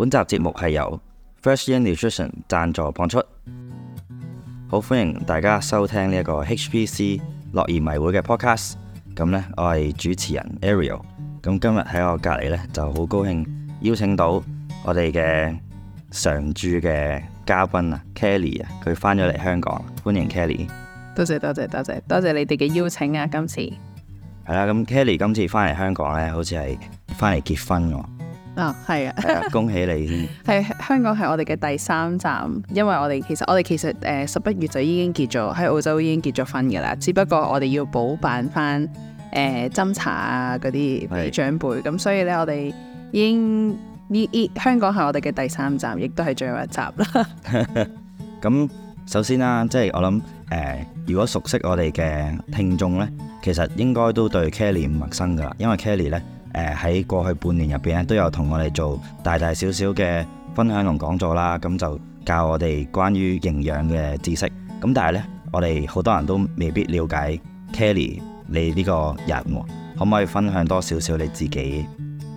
本集節目係由 First Year Nutrition 贊助播出，好，歡迎大家收聽呢一個 HPC 樂兒迷會嘅 Podcast。咁呢，我係主持人 Ariel。咁今日喺我隔籬呢，就好高興邀請到我哋嘅常駐嘅嘉賓啊，Kelly 啊，佢翻咗嚟香港，歡迎 Kelly。多謝多謝多謝多謝你哋嘅邀請啊，今次係啦。咁 Kelly 今次翻嚟香港呢，好似係翻嚟結婚㗎。啊，係啊、哦，恭喜你先。 香港係我哋嘅第三站，因為我哋其實我哋其實，誒十一月就已經結咗，喺澳洲已經結咗婚噶啦，只不過我哋要補辦翻誒斟茶啊嗰啲俾長輩，咁是的 所以咧我哋已經呢香港係我哋嘅第三站，亦都係最後一集啦。咁首先啦、啊，即、就、係、是、我諗誒、呃，如果熟悉我哋嘅聽眾咧，其實應該都對 Kelly 唔陌生㗎喇，因為 Kelly 咧。誒喺、呃、過去半年入邊都有同我哋做大大小小嘅分享同講座啦，咁就教我哋關於營養嘅知識。咁但係呢，我哋好多人都未必了解 Kelly 你呢個人，可唔可以分享多少少你自己？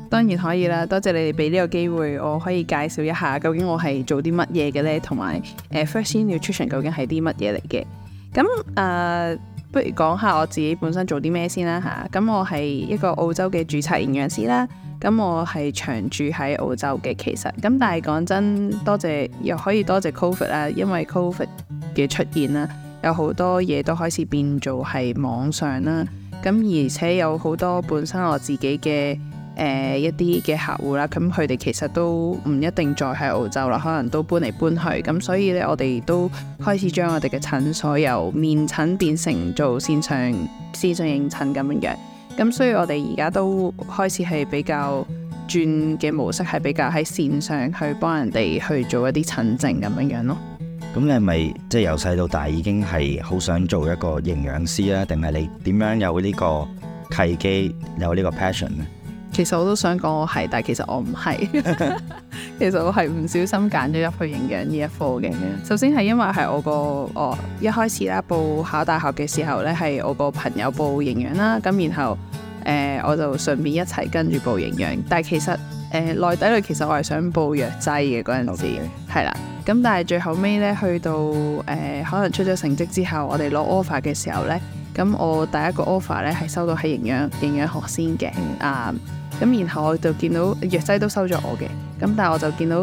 當然可以啦，多謝你哋俾呢個機會，我可以介紹一下究竟我係做啲乜嘢嘅呢？同埋誒 First Year Nutrition 究竟係啲乜嘢嚟嘅。咁誒。呃不如講下我自己本身做啲咩先啦吓，咁、啊、我係一個澳洲嘅註冊營養師啦，咁我係長住喺澳洲嘅其實，咁但係講真，多謝又可以多謝 Covid 啊，因為 Covid 嘅出現啦，有好多嘢都開始變做係網上啦，咁而且有好多本身我自己嘅。誒、呃、一啲嘅客戶啦，咁佢哋其實都唔一定再喺澳洲啦，可能都搬嚟搬去咁，所以呢，我哋都開始將我哋嘅診所由面診變成做線上線上認診咁樣樣。咁所以我哋而家都開始係比較轉嘅模式，係比較喺線上去幫人哋去做一啲診症咁樣樣咯。咁你係咪即係由細到大已經係好想做一個營養師啊？定係你點樣有呢個契機有呢個 passion 呢？其實我都想講我係，但係其實我唔係。其實我係唔小心揀咗入去營養呢一科嘅。首先係因為係我個哦，一開始啦，報考大學嘅時候呢，係我個朋友報營養啦，咁然後誒我就順便一齊跟住報營養。但係其實誒內底裏其實我係想報藥劑嘅嗰陣時，係啦。咁但係最後尾呢，去到誒可能出咗成績之後，我哋攞 offer 嘅時候呢，咁我第一個 offer 呢，係收到喺營養營養學先嘅啊。咁然後我就見到藥劑都收咗我嘅，咁但係我就見到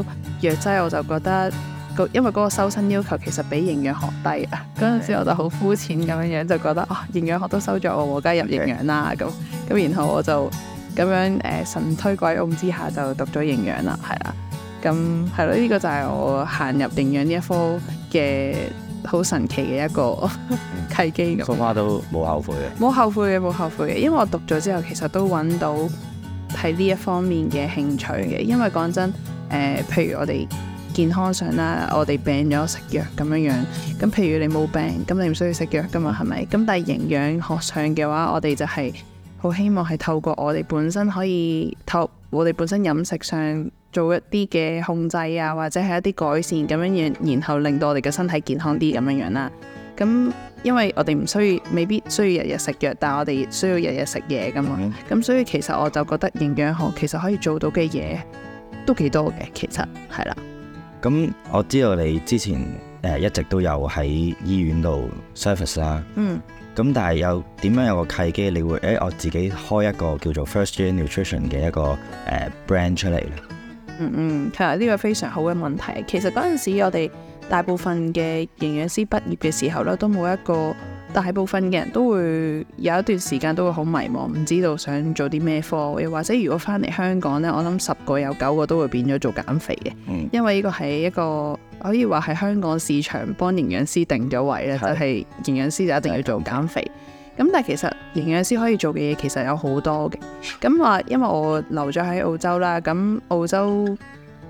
藥劑，我就覺得個因為嗰個收生要求其實比營養學低，嗰陣的時我就好膚淺咁樣樣就覺得啊營養學都收咗我，我梗係入營養啦咁咁，的然後我就咁樣誒、呃、神推鬼擁之下就讀咗營養啦，係啦，咁係咯，呢、這個就係我行入營養呢一科嘅好神奇嘅一個 契機咁。而家、嗯、都冇後悔嘅，冇後悔嘅，冇後悔嘅，因為我讀咗之後其實都揾到。喺呢一方面嘅興趣嘅，因為講真，誒、呃，譬如我哋健康上啦，我哋病咗食藥咁樣樣，咁譬如你冇病，咁你唔需要食藥㗎嘛，係咪？咁但係營養學上嘅話，我哋就係好希望係透過我哋本身可以，透我哋本身飲食上做一啲嘅控制啊，或者係一啲改善咁樣樣，然後令到我哋嘅身體健康啲咁樣樣啦。咁，因為我哋唔需要，未必需要日日食藥，但係我哋需要日日食嘢噶嘛。咁、mm hmm. 嗯、所以其實我就覺得營養學其實可以做到嘅嘢都幾多嘅，其實係啦。咁、嗯、我知道你之前誒、呃、一直都有喺醫院度、啊、service 啦。嗯。咁但係有點樣有個契機，你會誒、欸、我自己開一個叫做 First Year Nutrition 嘅一個誒、呃、brand 出嚟啦、嗯。嗯嗯，係啊，呢個非常好嘅問題。其實嗰陣時我哋。大部分嘅營養師畢業嘅時候咧，都冇一個。大部分嘅人都會有一段時間都會好迷茫，唔知道想做啲咩科。又或者如果翻嚟香港呢，我諗十個有九個都會變咗做減肥嘅，因為呢個係一個可以話係香港市場幫營養師定咗位咧，就係營養師就一定要做減肥。咁但係其實營養師可以做嘅嘢其實有好多嘅。咁話因為我留咗喺澳洲啦，咁澳洲。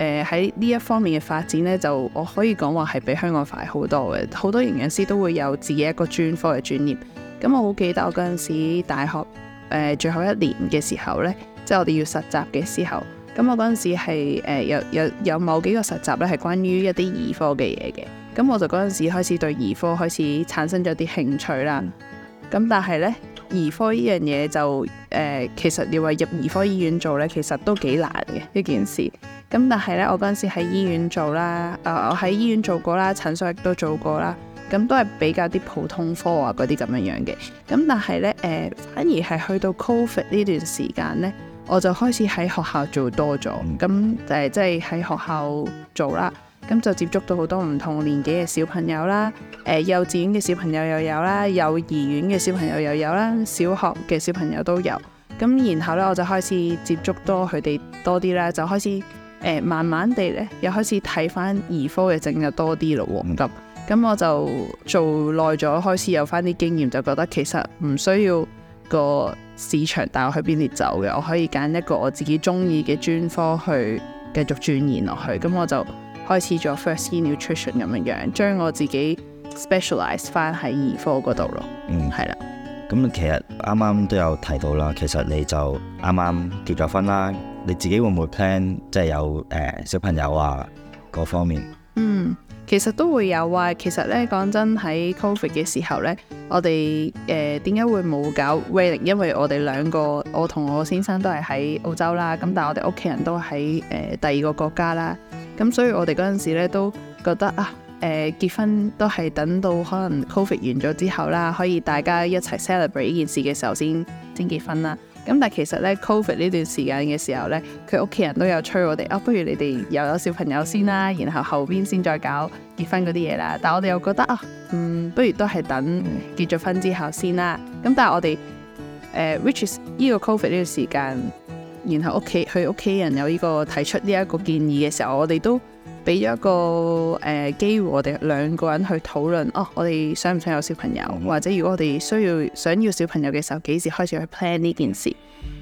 誒喺呢一方面嘅發展咧，就我可以講話係比香港快好多嘅。好多營養師都會有自己一個專科嘅專業。咁我好記得我嗰陣時大學誒、呃、最後一年嘅時候咧，即係我哋要實習嘅時候，咁我嗰陣時係、呃、有有有某幾個實習咧係關於一啲兒科嘅嘢嘅。咁我就嗰陣時開始對兒科開始產生咗啲興趣啦。咁但係咧兒科呢樣嘢就誒、呃，其實你話入兒科醫院做咧，其實都幾難嘅一件事。咁但係咧，我嗰陣時喺醫院做啦，誒、呃、我喺醫院做過啦，診所亦都做過啦，咁都係比較啲普通科啊，嗰啲咁樣樣嘅。咁但係咧，誒反而係去到 Covid 呢段時間咧，我就開始喺學校做多咗。咁誒即係喺學校做啦，咁就接觸到好多唔同年紀嘅小朋友啦，誒、呃、幼稚園嘅小朋友又有啦，幼兒園嘅小朋友又有啦，小學嘅小朋友都有。咁然後咧，我就開始接觸多佢哋多啲啦，就開始。誒慢慢地咧，又開始睇翻兒科嘅症就多啲咯喎。咁咁、嗯、我就做耐咗，開始有翻啲經驗，就覺得其實唔需要個市場帶我去邊啲走嘅，我可以揀一個我自己中意嘅專科去繼續鑽研落去。咁、嗯、我就開始做 First Year Nutrition 咁樣樣，將我自己 specialize 翻喺兒科嗰度咯。嗯，係啦。咁其實啱啱都有提到啦，其實你就啱啱結咗婚啦。你自己會唔會 plan 即係有誒、呃、小朋友啊嗰方面？嗯，其實都會有啊。其實咧講真，喺 Covid 嘅時候咧，我哋誒點解會冇搞 wedding？因為我哋兩個，我同我先生都係喺澳洲啦。咁但係我哋屋企人都喺誒、呃、第二個國家啦。咁所以我哋嗰陣時咧都覺得啊，誒、呃、結婚都係等到可能 Covid 完咗之後啦，可以大家一齊 celebrate 呢件事嘅時候先先結婚啦。咁但係其實咧，Covid 呢段時間嘅時候咧，佢屋企人都有催我哋啊，不如你哋又有小朋友先啦、啊，然後後邊先再搞結婚嗰啲嘢啦。但係我哋又覺得啊，嗯，不如都係等結咗婚之後先啦、啊。咁但係我哋誒、呃、which is 呢個 Covid 呢段時間，然後屋企佢屋企人有呢、這個提出呢一個建議嘅時候，我哋都，俾咗一個誒、呃、機會，我哋兩個人去討論哦。我哋想唔想有小朋友，或者如果我哋需要想要小朋友嘅時候，幾時開始去 plan 呢件事？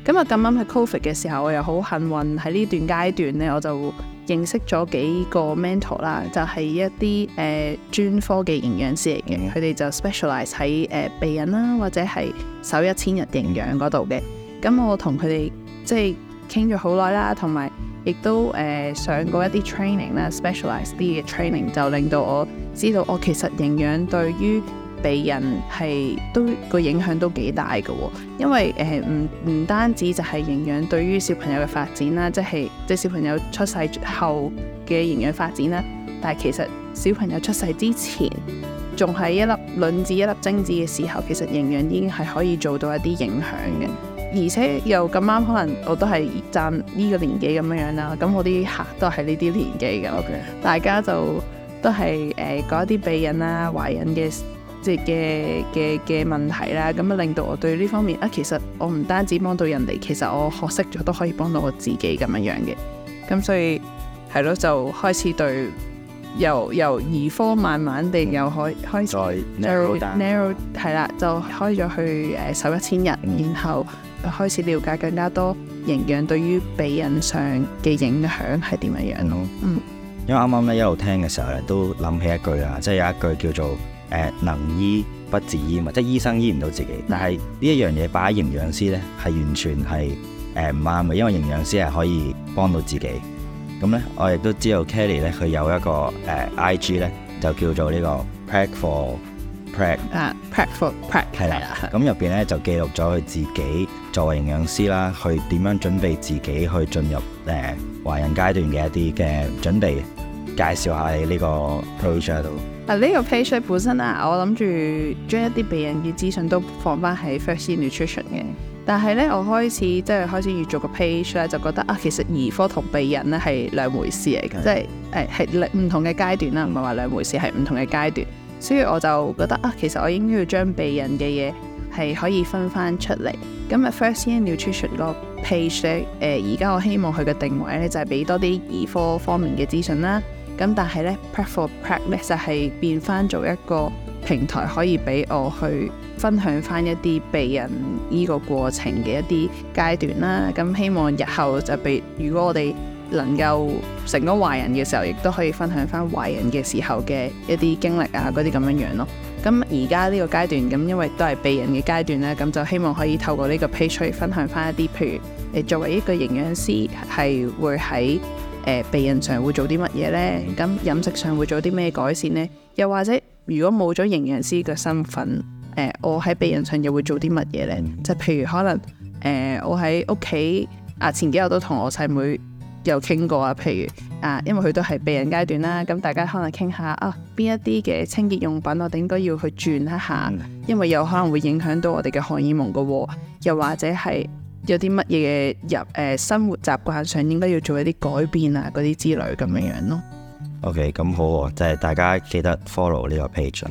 咁啊，咁啱去 COVID 嘅時候，我又好幸運喺呢段階段咧，我就認識咗幾個 mentor 啦，就係一啲誒專科嘅營養師嚟嘅，佢哋就 specialise 喺誒避孕啦，或者係守一千日營養嗰度嘅。咁我同佢哋即係。傾咗好耐啦，同埋亦都誒、呃、上過一啲 training 啦 specialise 啲嘅 training 就令到我知道，我其實營養對於備孕係都個影響都幾大嘅喎、哦。因為誒唔唔單止就係營養對於小朋友嘅發展啦，即係即、即係、小朋友出世後嘅營養發展啦，但係其實小朋友出世之前，仲係一粒卵子一粒精子嘅時候，其實營養已經係可以做到一啲影響嘅。而且又咁啱，可能我都係站呢個年紀咁樣樣啦。咁我啲客都係呢啲年紀嘅，OK。 大家就都係誒、呃、講一啲避孕啊、懷孕嘅，即嘅嘅嘅問題啦。咁啊，令到我對呢方面啊，其實我唔單止幫到人哋，其實我學識咗都可以幫到我自己咁樣樣嘅。咁所以係咯，就開始對由由兒科慢慢地又開開始 narrow 係啦就 narrow, down.，就開咗去誒、呃、首一千日，mm hmm. 然後。開始了解更加多營養對於備孕上嘅影響係點樣樣咯，嗯，因為啱啱咧一路聽嘅時候咧都諗起一句啊，即係有一句叫做誒、呃、能醫不自醫嘛，即係醫生醫唔到自己，但係呢一樣嘢擺喺營養師咧係完全係誒唔啱嘅，因為營養師係可以幫到自己，咁咧我亦都知道 Kelly 咧佢有一個誒、呃、IG 咧就叫做呢個 Prep for Preg 啊，prep for preg 係啦，咁入邊咧就記錄咗佢自己作為營養師啦，去點樣準備自己去進入誒懷孕階段嘅一啲嘅準備，介紹下你呢個 page 喺度。啊，這個、呢個 page 本身咧，我諗住將一啲備孕嘅資訊都放翻喺 First Year Nutrition 嘅，但係咧我開始即係、就是、開始要做個 page 咧，就覺得啊，其實兒科同備孕咧係兩回事嚟嘅，即係誒係唔同嘅階段啦，唔係話兩回事，係唔同嘅階段。所以我就覺得啊，其實我應該要將備孕嘅嘢係可以分翻出嚟。咁啊，First Year Nutrition 個 page 咧，誒而家我希望佢嘅定位咧就係、是、俾多啲兒科方面嘅資訊啦。咁但係咧，Prep for Preg 咧就係、是、變翻做一個平台，可以俾我去分享翻一啲備孕呢個過程嘅一啲階段啦。咁希望日後就俾如果我哋，能夠成咗懷孕嘅時候，亦都可以分享翻懷孕嘅時候嘅一啲經歷啊，嗰啲咁樣樣咯。咁而家呢個階段，咁因為都係備孕嘅階段咧，咁就希望可以透過呢個 page 分享翻一啲，譬如誒作為一個營養師，係會喺誒備孕上會做啲乜嘢呢？咁飲食上會做啲咩改善呢？又或者如果冇咗營養師嘅身份，誒、呃、我喺備孕上又會做啲乜嘢呢？就譬如可能誒、呃、我喺屋企啊，前幾日都同我細妹，妹。有傾過啊，譬如啊，因為佢都係避孕階段啦，咁大家可能傾下啊，邊一啲嘅清潔用品我哋應該要去轉一下，因為有可能會影響到我哋嘅荷爾蒙噶喎、啊，又或者係有啲乜嘢嘅入誒、呃、生活習慣上應該要做一啲改變啊，嗰啲之類咁樣樣咯。OK，咁好、啊，就係、是、大家記得 follow 呢個 page。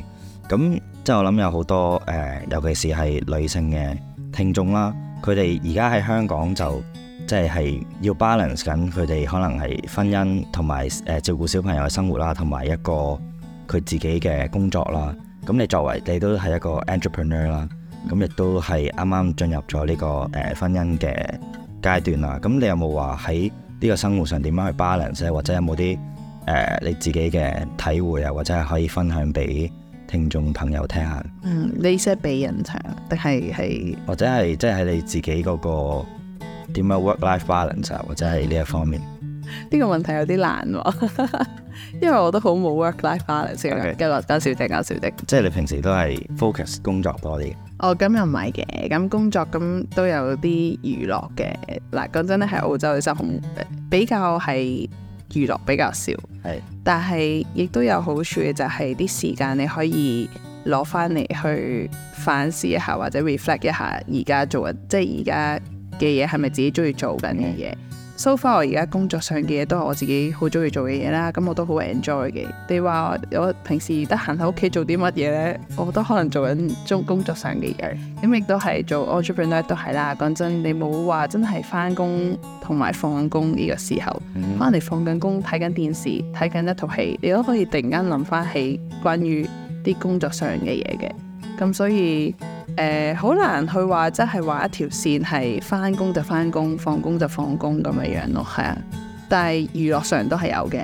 咁即係我諗有好多誒，尤其是係女性嘅聽眾啦，佢哋而家喺香港就。即係要 balance 緊佢哋可能係婚姻同埋誒照顧小朋友嘅生活啦，同埋一個佢自己嘅工作啦。咁你作為你都係一個 entrepreneur 啦、這個，咁亦都係啱啱進入咗呢個誒婚姻嘅階段啦。咁你有冇話喺呢個生活上點樣去 balance？或者有冇啲誒你自己嘅體會啊？或者係可以分享俾聽眾朋友聽下？嗯，呢些俾人聽定係係？或者係即係你自己嗰、那個？點樣 work-life balance 啊？或者係呢一方面？呢個問題有啲難喎 因為我都好冇 work-life balance 嘅。繼講笑嘅，講笑嘅。即係你平時都係 focus 工作多啲。哦，咁又唔係嘅，咁工作咁都有啲娛樂嘅。嗱，講真咧，喺澳洲嘅生活比較係娛樂比較少，係的。但係亦都有好處嘅，就係啲時間你可以攞翻嚟去反思一下，或者 reflect 一下而家做嘅，即係而家。嘅嘢係咪自己中意做緊嘅嘢？So far 我而家工作上嘅嘢都係我自己好中意做嘅嘢啦，咁我都好 enjoy 嘅。你話我平時得閒喺屋企做啲乜嘢咧？我覺得可能做緊中工作上嘅嘢，咁、mm hmm. 亦都係做 entrepreneur 都係啦。講真，你冇話真係翻工同埋放緊工呢個時候，可能你放緊工睇緊電視睇緊一套戲，你都可以突然間諗翻起關於啲工作上嘅嘢嘅。咁所以誒好、呃、難去話，即係話一條線係返工就返工，放工就放工咁樣樣咯，係啊。但係娛樂上都係有嘅，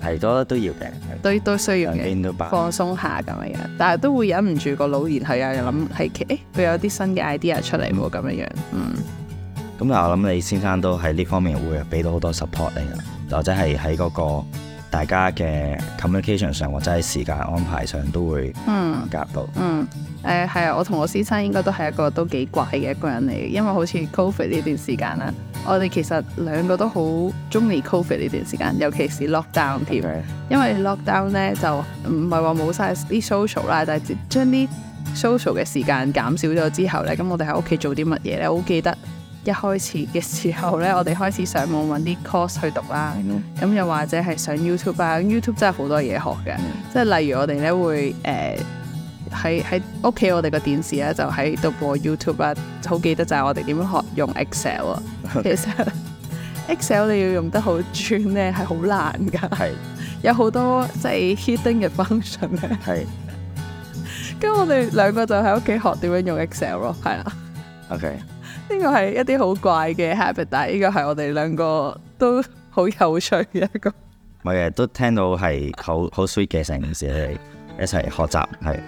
係都都要嘅，都都需要嘅，放鬆下咁樣樣。但係都會忍唔住個腦，然後又諗係誒，佢、欸、有啲新嘅 idea 出嚟冇咁樣樣。嗯。咁啊、嗯，我諗你先生都喺呢方面會俾到好多 support 你啊，或者係喺嗰個。大家嘅 communication 上或者係時間安排上都會夾到，嗯。嗯，誒、呃、係啊，我同我先生應該都係一個都幾怪嘅一個人嚟嘅，因為好似 covid 呢段時間啦，我哋其實兩個都好中意 covid 呢段時間，尤其是 lockdown 添。因為 lockdown 咧就唔係話冇晒啲 social 啦，但係將啲 social 嘅時間減少咗之後咧，咁我哋喺屋企做啲乜嘢咧？我好記得。一開始嘅時候咧，嗯、我哋開始上網揾啲 course 去讀啦，咁又、嗯、或者係上 YouTube 啊，YouTube 真係好多嘢學嘅，嗯、即係例如我哋咧會誒喺喺屋企我哋個電視咧就喺度播 YouTube 啊，好記得就係我哋點樣學用 Excel 啊，嗯、其實 Okay. Excel 你要用得好專咧係好難噶，係有好多即係 hidden 嘅 function 咧，係、就是，咁 我哋兩個就喺屋企學點樣用 Excel 咯，係啦，OK。 呢個係一啲好怪嘅 habit，呢個係我哋兩個都好有趣嘅一個。我日都聽到係好好 sweet 嘅，成件事一齊學習係。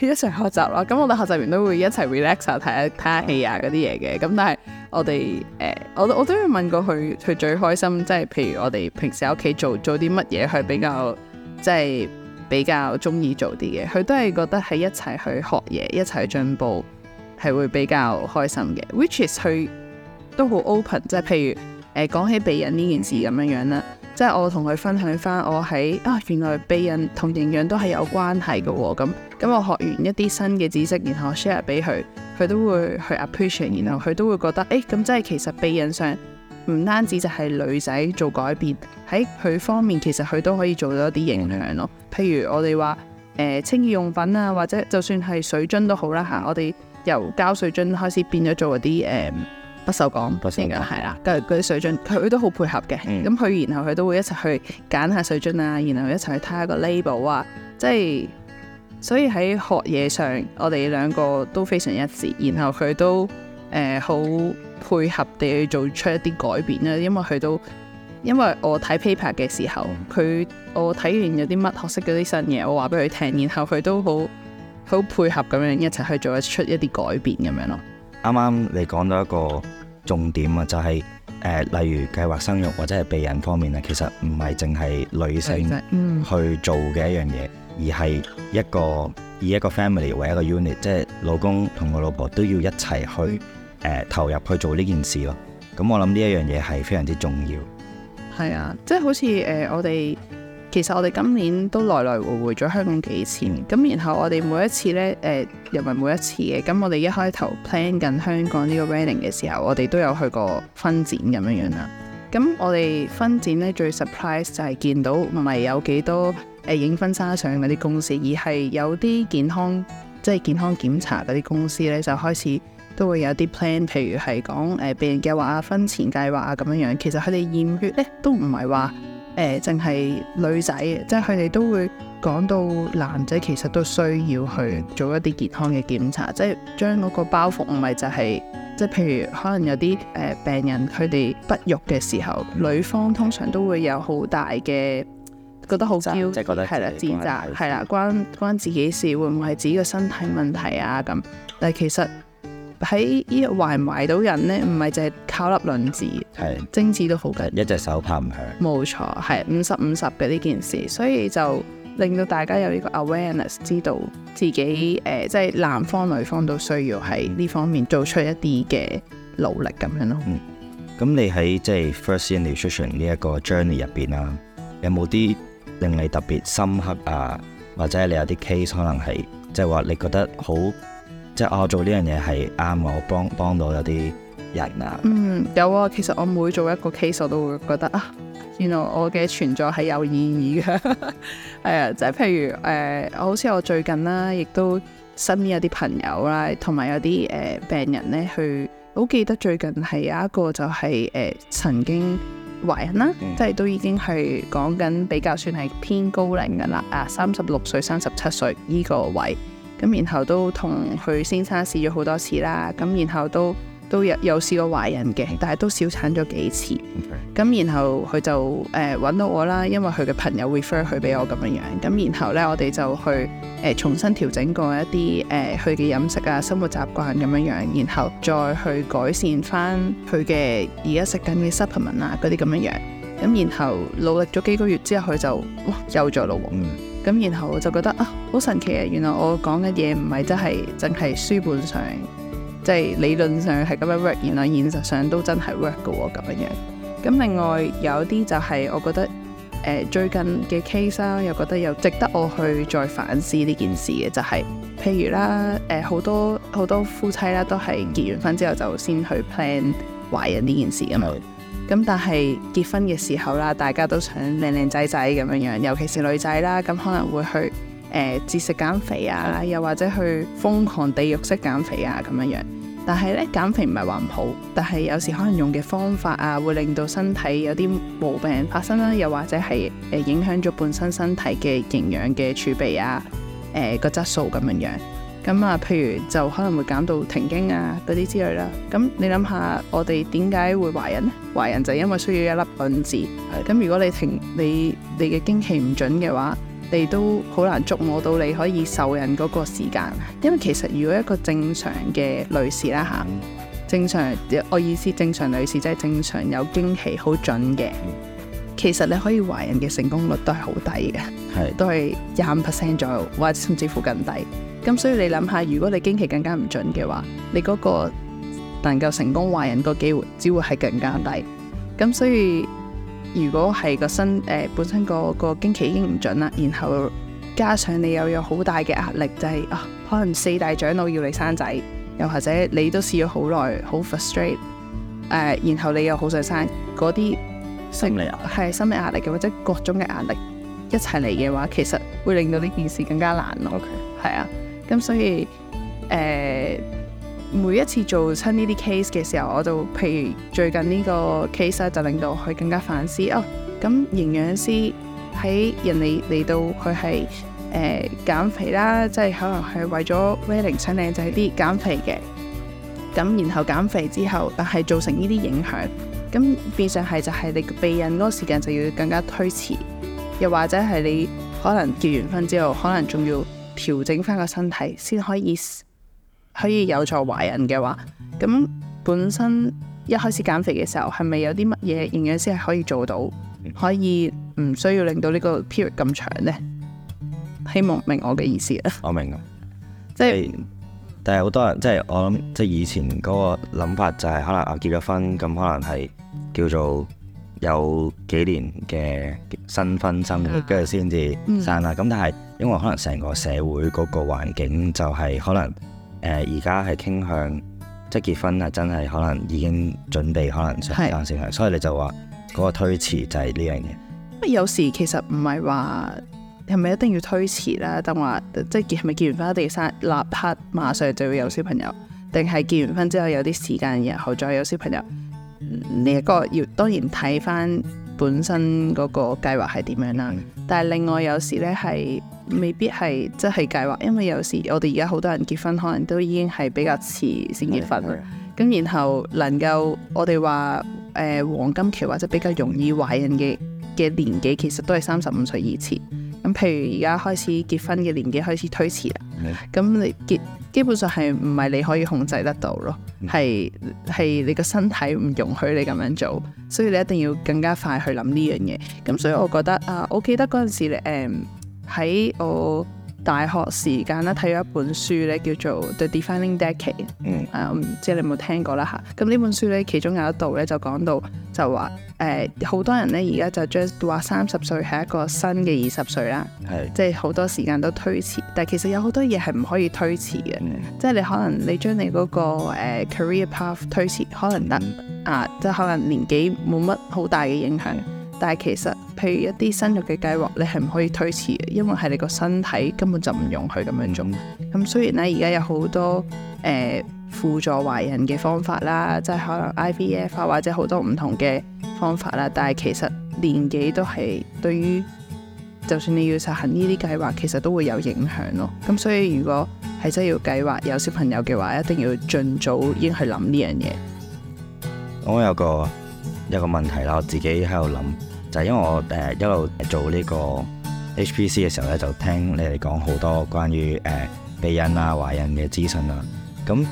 一齊學習咯。咁 我哋學習完都會一齊 relax 下，睇下睇下戲啊嗰啲嘢嘅。咁但係我哋誒、欸，我我都要問過佢，佢最開心即係，就是、譬如我哋平時喺屋企做做啲乜嘢，係比較即係、就是、比較中意做啲嘢。佢都係覺得喺一齊去學嘢，一齊進步。係會比較開心嘅，which is 佢都好 open，即係譬如誒講、呃、起備孕呢件事咁樣樣啦，即係我同佢分享翻我喺啊原來備孕同營養都係有關係嘅喎，咁咁我學完一啲新嘅知識，然後 share 俾佢，佢都會去 appreciate 然後佢都會覺得誒咁、哎、即係其實備孕上唔單止就係女仔做改變喺佢方面，其實佢都可以做到一啲營養咯。譬如我哋話誒清潔用品啊，或者就算係水樽都好啦，吓我哋。由膠水樽開始變咗做嗰啲誒不鏽鋼，係啦，跟住嗰啲水樽，佢都好配合嘅。咁佢、嗯、然後佢都會一齊去揀下水樽啊，然後一齊去睇下個 label 啊，即係所以喺學嘢上，我哋兩個都非常一致。然後佢都誒好、呃、配合地去做出一啲改變啦，因為佢都因為我睇 paper 嘅時候，佢、嗯、我睇完有啲乜學識嗰啲新嘢，我話俾佢聽，然後佢都好。好配合咁樣一齊去做一出一啲改變咁樣咯。啱啱你講到一個重點啊，就係、是、誒、呃，例如計劃生育或者係避孕方面咧，其實唔係淨係女性去做嘅一樣嘢，嗯、而係一個以一個 family 為一個 unit，即係老公同個老婆都要一齊去誒、呃、投入去做呢件事咯。咁我諗呢一樣嘢係非常之重要。係啊，即係好似誒、呃、我哋。其實我哋今年都來來回回咗香港幾次，咁、嗯、然後我哋每一次呢，誒、呃、又唔係每一次嘅，咁我哋一開頭 plan 緊香港呢個 running 嘅時候，我哋都有去過婚展咁樣樣啦。咁我哋婚展呢，最 surprise 就係見到唔係有幾多誒影婚紗相嗰啲公司，而係有啲健康，即係健康檢查嗰啲公司呢，就開始都會有啲 plan，譬如係講誒備孕計劃啊、婚前計劃啊咁樣樣。其實佢哋驗血呢都唔係話，誒淨係女仔，即係佢哋都會講到男仔其實都需要去做一啲健康嘅檢查，即係將嗰個包袱唔係就係、是，即係譬如可能有啲誒、呃、病人佢哋不育嘅時候，女方通常都會有好大嘅覺得好嬌，即覺得係啦，自責係，係啦，關關自己事，會唔會係自己嘅身體問題啊？咁，但係其實。喺呢度懷唔懷到人呢？唔係淨係靠粒卵子，是精子都好緊，一隻手拍唔響。冇錯，係五十五十嘅呢件事，所以就令到大家有呢個 awareness，知道自己誒、呃，即係男方女方都需要喺呢方面做出一啲嘅努力咁樣咯。嗯，咁、嗯、你喺即係 First Year Nutrition 呢一個 journey 入邊啊，有冇啲令你特別深刻啊，或者你有啲 case 可能係即係話你覺得好？即係我做呢樣嘢係啱，我幫幫到有啲人啊。嗯，有啊。其實我每做一個 case，我都會覺得啊，原來我嘅存在係有意義嘅。係 啊，即係譬如誒，好似我最近啦，亦都身邊有啲朋友啦，同埋有啲誒病人咧，去好記得最近係有一個就係誒曾經懷孕啦，嗯，即係都已經係講緊比較算係偏高齡噶啦，啊三十六歲、三十七歲呢個位。咁然後都同佢先生試咗好多次啦，咁然後都都有有試過懷孕嘅，但係都小產咗幾次。咁 Okay. 然後佢就誒搵、呃、到我啦，因為佢嘅朋友 refer 佢俾我咁樣樣。咁然後呢，我哋就去誒、呃、重新調整過一啲誒佢嘅飲食啊、生活習慣咁樣樣，然後再去改善翻佢嘅而家食緊嘅 supplement 啊嗰啲咁樣樣。咁然後努力咗幾個月之後，佢就哇又在咯喎。咁然後我就覺得啊，好神奇啊！原來我講嘅嘢唔係真係真係書本上，即係理論上係咁樣 work，原來現實上都真係 work 嘅喎，咁樣樣。咁另外有啲就係，我覺得誒最近嘅 case 啦，又覺得又值得我去再反思呢件事嘅，就係譬如啦，誒、呃、好多好多夫妻啦，都係結完婚之後就先去 plan 懷孕呢件事咁樣。嗯咁但係結婚嘅時候啦，大家都想靚靚仔仔咁樣樣，尤其是女仔啦，咁可能會去誒節食減肥啊，又或者去瘋狂地獄式減肥啊咁樣樣。但係咧減肥唔係話唔好，但係有時可能用嘅方法啊，會令到身體有啲毛病發生啦，又或者係誒影響咗本身身體嘅營養嘅儲備啊，誒個質素咁樣樣。咁啊，譬如就可能會減到停經啊嗰啲之類啦。咁你諗下，我哋點解會懷孕呢？懷孕就因為需要一粒卵子。咁如果你停你你嘅經期唔準嘅話，你都好難捉摸到你可以受孕嗰個時間。因為其實如果一個正常嘅女士啦嚇，正常我意思正常女士即係、就是、正常有經期好準嘅，其實你可以懷孕嘅成功率都係好低嘅，的都係廿五 percent 左右，或者甚至乎更低。咁所以你諗下，如果你經期更加唔準嘅話，你嗰個能夠成功懷孕個機會，只會係更加低。咁所以，如果係個身誒、呃、本身個個經期已經唔準啦，然後加上你又有好大嘅壓力、就是，就係啊可能四大長老要你生仔，又或者你都試咗好耐，好 frustrate 誒、呃，然後你又好想生嗰啲心理啊，係心理壓力嘅，或者各種嘅壓力一齊嚟嘅話，其實會令到呢件事更加難咯。係 Okay. 啊。咁所以誒、呃，每一次做親呢啲 case 嘅時候，我就譬如最近呢個 case、啊、就令到佢更加反思。哦，咁營養師喺人哋嚟到佢係誒減肥啦，即係可能係為咗 wedding 想靚仔啲減肥嘅，咁然後減肥之後，但係造成呢啲影響，咁變相係就係你避孕嗰個時間就要更加推遲，又或者係你可能結完婚之後，可能仲要，調整翻個身體先可以可以有助懷孕嘅話，咁本身一開始減肥嘅時候，係咪有啲乜嘢營養先係可以做到，嗯、可以唔需要令到呢個 period 咁長呢？希望明我嘅意思啦。我明即係、 就是、但係好多人即係、就是、我諗即係以前嗰個諗法就係可能結咗婚咁，可能係叫做有幾年嘅新婚生活，跟住先至生啦。咁、嗯、但係因為可能成個社會嗰個環境就係可能誒而家係傾向，即係結婚啊，真係可能已經準備，可能時間成啊，是所以你就話嗰個推遲就係呢樣嘢。有時其實唔係話係咪一定要推遲啦，定話即係係咪結完婚一定要生，立刻馬上就會有小朋友，定係結完婚之後有啲時間，然後再有小朋友？呢一個要當然睇翻本身嗰個計劃係點樣啦。但係另外有時呢係。未必係即係計劃，因為有時我哋而家好多人結婚，可能都已經係比較遲先結婚，咁 然後能夠我哋話誒黃金期或者比較容易懷孕嘅嘅年紀，其實都係三十五歲以前。咁譬如而家開始結婚嘅年紀開始推遲啦，咁 你結基本上係唔係你可以控制得到咯？係係你個身體唔容許你咁樣做，所以你一定要更加快去諗呢樣嘢。咁所以我覺得啊，我記得嗰陣時誒。嗯喺我大學時間咧睇咗一本書咧，叫做 The Defining Decade，誒唔、嗯啊、知你有冇聽過啦嚇。咁呢本書咧其中有一度咧就講到就話誒好多人咧而家就將話三十歲係一個新嘅二十歲啦，嗯、即係好多時間都推遲。但係其實有好多嘢係唔可以推遲嘅，嗯、即係你可能你將你嗰、嗰個、呃、career path 推遲，可能得啊，即係可能年紀冇乜好大嘅影響。但係其實，譬如一啲生育嘅計劃你係唔可以推遲嘅，因為係你個身體根本就唔容許咁樣做。咁、嗯、雖然呢，而家有好多誒輔助懷孕嘅方法啦，即係可能 I V F、啊、或者好多唔同嘅方法啦，但係其實年紀都係對於，就算你要實行呢啲計劃，其實都會有影響咯。咁所以如果係真係要計劃有小朋友嘅話，一定要盡早已經去諗呢樣嘢。我有一個有一個問題啦，我自己喺度諗。就係因為我誒一路做呢個 HPC 嘅時候咧，就聽你哋講好多關於誒備孕啊、懷孕嘅資訊啊，咁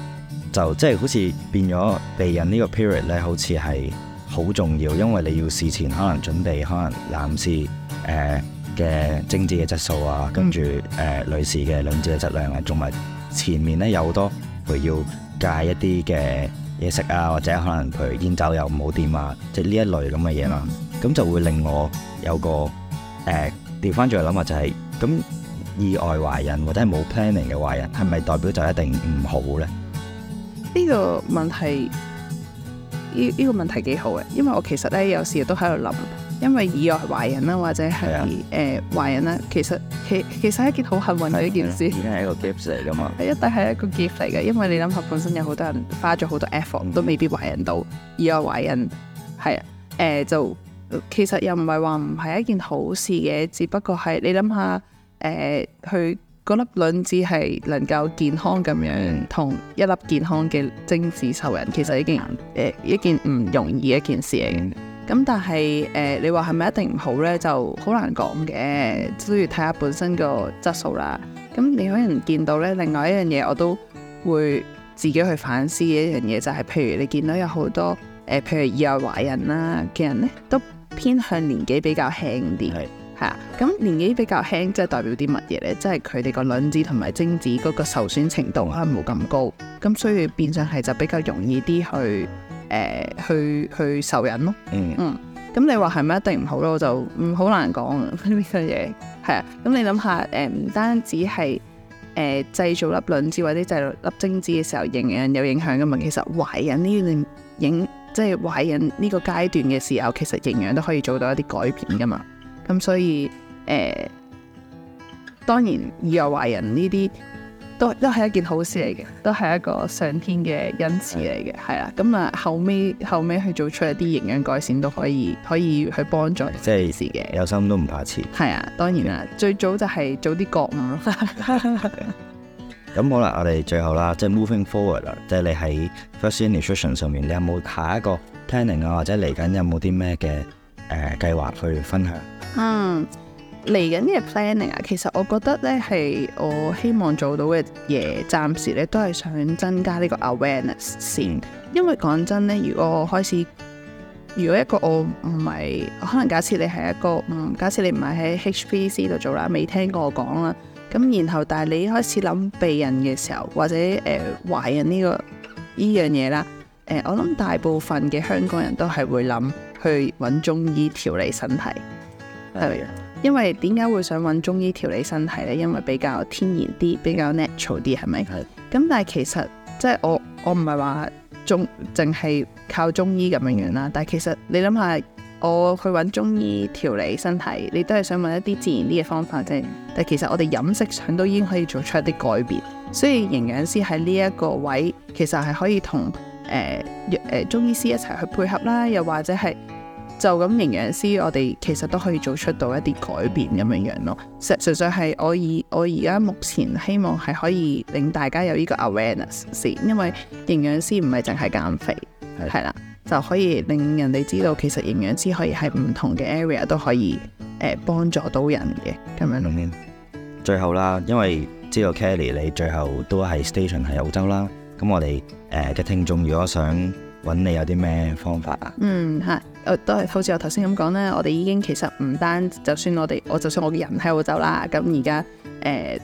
就即係、就是、好似變咗備孕呢個 period 咧，好似係好重要，因為你要事前可能準備，可能男士誒嘅、呃、精子嘅質素啊，嗯、跟住誒、呃、女士嘅卵子嘅質量啊，同埋前面咧有好多，譬如要戒一啲嘅嘢食啊，或者可能譬如煙酒又唔好掂啊，即係呢一類咁嘅嘢啦。嗯咁就會令我有個誒調翻轉嚟諗話就係、是、咁意外懷孕或者係冇 planning 嘅懷孕係咪代表就一定唔好咧？呢個問題，呢、這、呢個問題幾好嘅，因為我其實咧有時都喺度諗，因為意外懷孕啦，或者係誒懷孕啦，其實其其實一件好幸運嘅一件事，而家係一個 gift 嚟噶嘛，係一定係一個 gift 嚟嘅，因為你諗下，本身有好多人花咗好多 effort 都未必懷孕到，意、嗯、外懷孕係啊誒就。其實又唔係話唔係一件好事嘅，只不過係你諗下，誒、呃，佢嗰粒卵子係能夠健康咁樣，同一粒健康嘅精子受孕。其實已經誒一件唔、呃、容易嘅一件事嚟嘅。咁、嗯、但係誒、呃，你話係咪一定唔好呢？就好難講嘅，都要睇下本身個質素啦。咁你可能見到呢另外一樣嘢我都會自己去反思嘅一樣嘢，就係、是、譬如你見到有好多誒、呃，譬如意外懷孕啦嘅人呢。都。偏向年紀比較輕啲，係啊的，咁年紀比較輕，即係代表啲乜嘢咧？即係佢哋個卵子同埋精子嗰個受損程度可能冇咁高，咁、嗯、所以變相係就比較容易啲去誒、呃、去去受孕咯，嗯嗯。嗯，咁 是的 你話係咪一定唔好咧？我就唔好難講呢個嘢。係啊，咁你諗下誒，唔單止係誒、呃、製造粒卵子或者製造粒精子嘅時候營養有影響噶嘛？嗯、其實懷孕呢要影。即係懷孕呢個階段嘅時候，其實營養都可以做到一啲改變噶嘛。咁所以誒、呃，當然意外懷孕呢啲都都係一件好事嚟嘅，都係一個上天嘅恩賜嚟嘅，係啊、嗯。咁啊後尾後尾去做出一啲營養改善，都可以可以去幫助。即係事嘅，有心都唔怕遲。係啊，當然啦，最早就係做啲覺悟。 咁好啦，我哋最後啦，即係 moving forward 啦，即係你喺 First Year Nutrition 上面，你有冇下一個 planning 啊，或者嚟緊有冇啲咩嘅誒計劃去分享？嗯，嚟緊嘅 planning 啊，其實我覺得咧係我希望做到嘅嘢，暫時咧都係想增加呢個 awareness 先，嗯、因為講真咧，如果我開始，如果一個我唔係，可能假設你係一個嗯，假設你唔係喺 HPC 度做啦，未聽過我講啦。咁然後，但係你開始諗備孕嘅時候，或者誒懷、呃、孕呢、這個呢樣嘢啦，誒、呃、我諗大部分嘅香港人都係會諗去揾中醫調理身體，係因為點解會想揾中醫調理身體呢？因為比較天然啲，比較 natural 啲，係咪？咁但係其實即係我我唔係話中淨係靠中醫咁樣樣啦，但係其實你諗下。我去揾中醫調理身體，你都係想揾一啲自然啲嘅方法啫。但其實我哋飲食上都已經可以做出一啲改變，所以營養師喺呢一個位其實係可以同誒誒中醫師一齊去配合啦。又或者係就咁營養師，我哋其實都可以做出到一啲改變咁樣樣咯。純粹係我而我而家目前希望係可以令大家有呢個 awareness 先，因為營養師唔係淨係減肥係啦。就可以令人哋知道，其實營養師可以喺唔同嘅 area 都可以誒、呃、幫助到人嘅咁樣、嗯。最後啦，因為知道 Kelly 你最後都係 station 喺澳洲啦，咁我哋誒嘅聽眾如果想揾你有啲咩方法啊？嗯，嚇，我都係好似我頭先咁講咧，我哋已經其實唔單就算我哋我就算我嘅人喺澳洲啦，咁而家誒。呃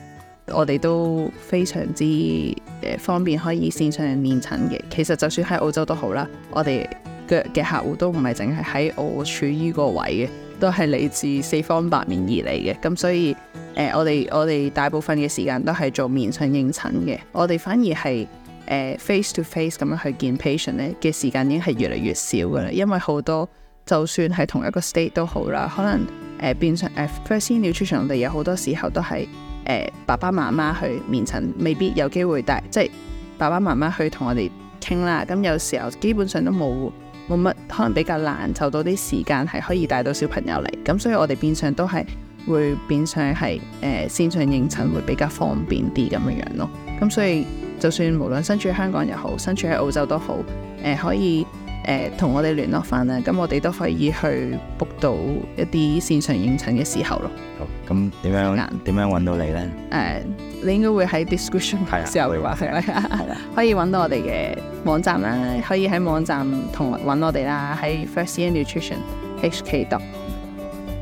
我哋都非常之誒方便，可以線上面診嘅。其實就算喺澳洲都好啦，我哋嘅嘅客戶都唔係淨係喺我處依個位嘅，都係嚟自四方八面而嚟嘅。咁所以誒、呃，我哋我哋大部分嘅時間都係做面上應診嘅。我哋反而係誒、呃、face to face 咁樣去見 patient 呢嘅時間已經係越嚟越少噶啦，因為好多就算係同一個 state 都好啦，可能誒、呃、變成誒、呃、First Year Nutrition，我哋有好多時候都係。誒、呃、爸爸媽媽去面診未必有機會帶，即係爸爸媽媽去同我哋傾啦。咁有時候基本上都冇冇乜，可能比較難找到啲時間係可以帶到小朋友嚟。咁所以我哋變相都係會變相係誒線上應診會比較方便啲咁嘅樣咯。咁所以就算無論身處喺香港又好，身處喺澳洲都好，誒、呃、可以。誒，同我哋聯絡翻啦，咁我哋都可以去 book 到一啲線上應診嘅時候咯。好，咁點樣點間樣揾到你咧？誒，uh, 你應該會喺 description 私有會話係咪啊？可以揾到我哋嘅網站啦，可以喺網站同揾我哋啦，喺 firstyearnutritionhk.com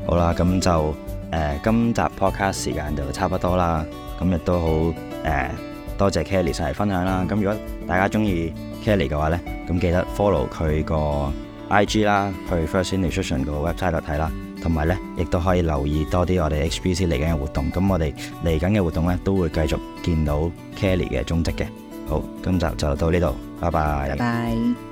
好啦，咁就誒，今集 podcast 時間就差不多啦。咁亦都好誒，uh, 多謝 Kelly 上嚟分享啦。咁如果大家中意 Kelly 嘅話咧，咁記得 follow 佢個 IG 啦，去 First Year Nutrition 個 website 度睇啦，同埋咧亦都可以留意多啲我哋 HPC 嚟緊嘅活動。咁我哋嚟緊嘅活動咧都會繼續見到 Kelly 嘅蹤跡嘅。好，今集就，就到呢度，拜拜。拜。Bye.